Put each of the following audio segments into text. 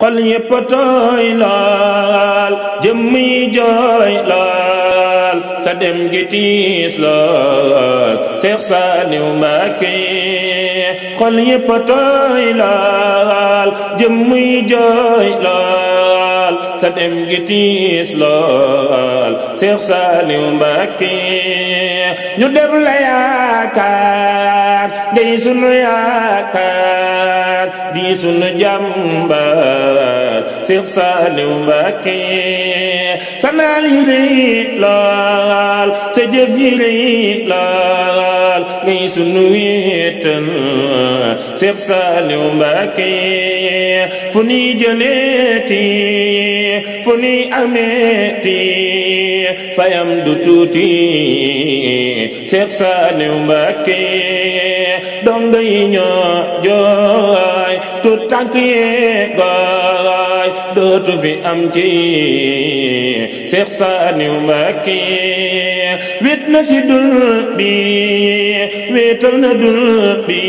xol yépp tooy laal jëmm yi jooy laal sa dem gi tiis laal Seex Saaliw Mbàkke xol yépp tooy laal jëmm yi jooy laal sa dem gi tiis laal Seex la yaakaar day sunu yaakaar di sunu jàmbaar Seex Saaliw Mbàkke sa naal yi laal sa jëf yi lay laal ngay sunu wéetal Seex Saaliw Mbàkke fu nuy jëleeti fu ameeti fayam du tuuti Seex Saaliw Mbàkke đông dai nyo jo ai tut trang kia dootu fi am ci Seex Saaliw Mbàkke wét nó si đun bi wéetal na đun bi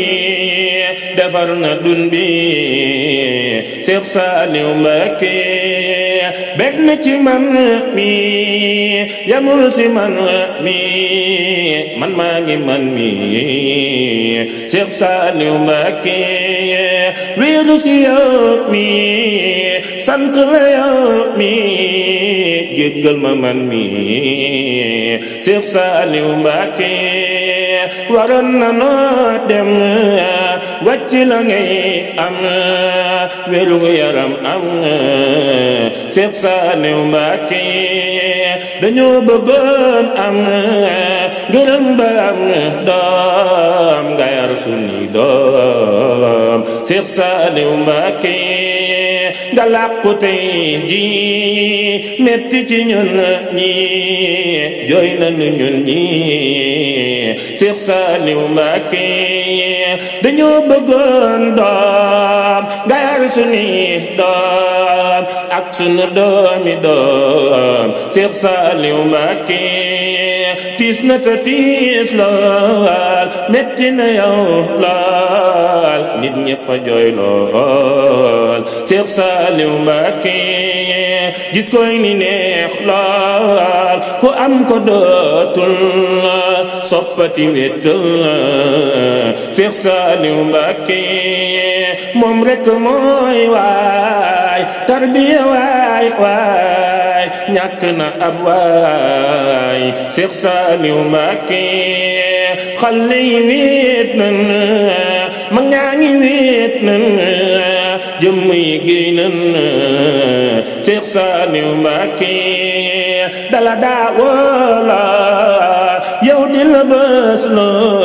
defar nó đun bi Seex Saaliw Mbàkke bég nó chỉ mang mi ya yamul si mang mi man maa ngi man mi Seex Saaliw Mbàkke Realize yok mi Santre yok mi Gitgul maman mi Siksa alim baki Waran nama dem Wajilang ay am Wilung yaram am Siksa alim baki Danyo bagon am Gerang am Dam Gaya rasuni dam فيغسل يماكي nga làqu tey ji metti ci ñun ñi jooy nañu ñun ñi Seex Saaliw Mbàkke dañoo bëggoon doom nga yar suñuy doom ak suñu doomi doom Seex Saaliw Mbàkke tiis na te tiis lool na yow lool nit ñëpp a jooy Seex Saaliw Mbàkke gis koy ni neex lool ku am ko dootul soppati wéttal Seex Saaliw Mbàkke moom rekk mooy waay tarbiya waay waay ñàkk na ab waay Seex Saaliw Mbàkke xale yi wéet nan liggéey nan Seex Saaliw dala daa wala yow di la bës loo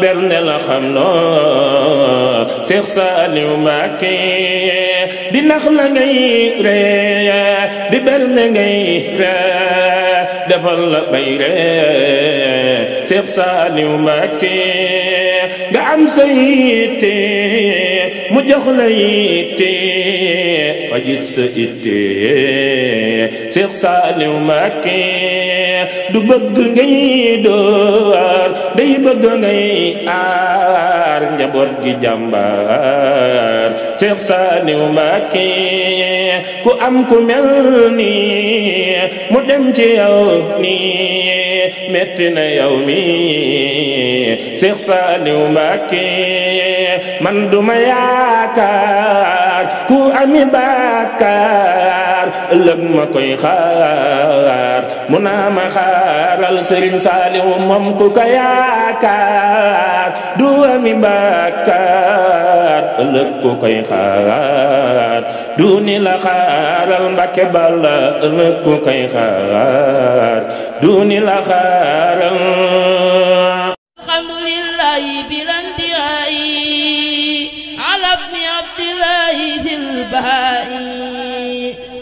bernde la xam loo Seex Saaliw Mbàkke di nax la ngay di bernde ngay defal la bay ree Seex Saaliw Mbàkke mu jox la yitte fajit sa yitte Seex Saaliw Mbàkke du bëgg ngay door day bëgg ngay aar njaboot gi jàmbaar Seex Saaliw Mbàkke ku am ku mel nii mu dem ci yow nii metti na mii Seex Saaliw Mbàkke man duma yaakaar ku ami bàkkaar ëllëg ma koy xaar mu naa ma xaaral Sëriñ Saaliw moom ku ko du ami bàkkaar ëllëg ku koy xaar du ni la xaaral Mbàkke bala ëllëg ku koy xaar du ni la xaaral والحمد لله بلا انتهاء على ابن عبد الله ذي البهاء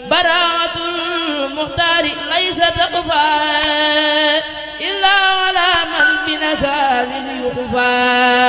براعة المختار ليس تقفى إلا على من بنكام يخفى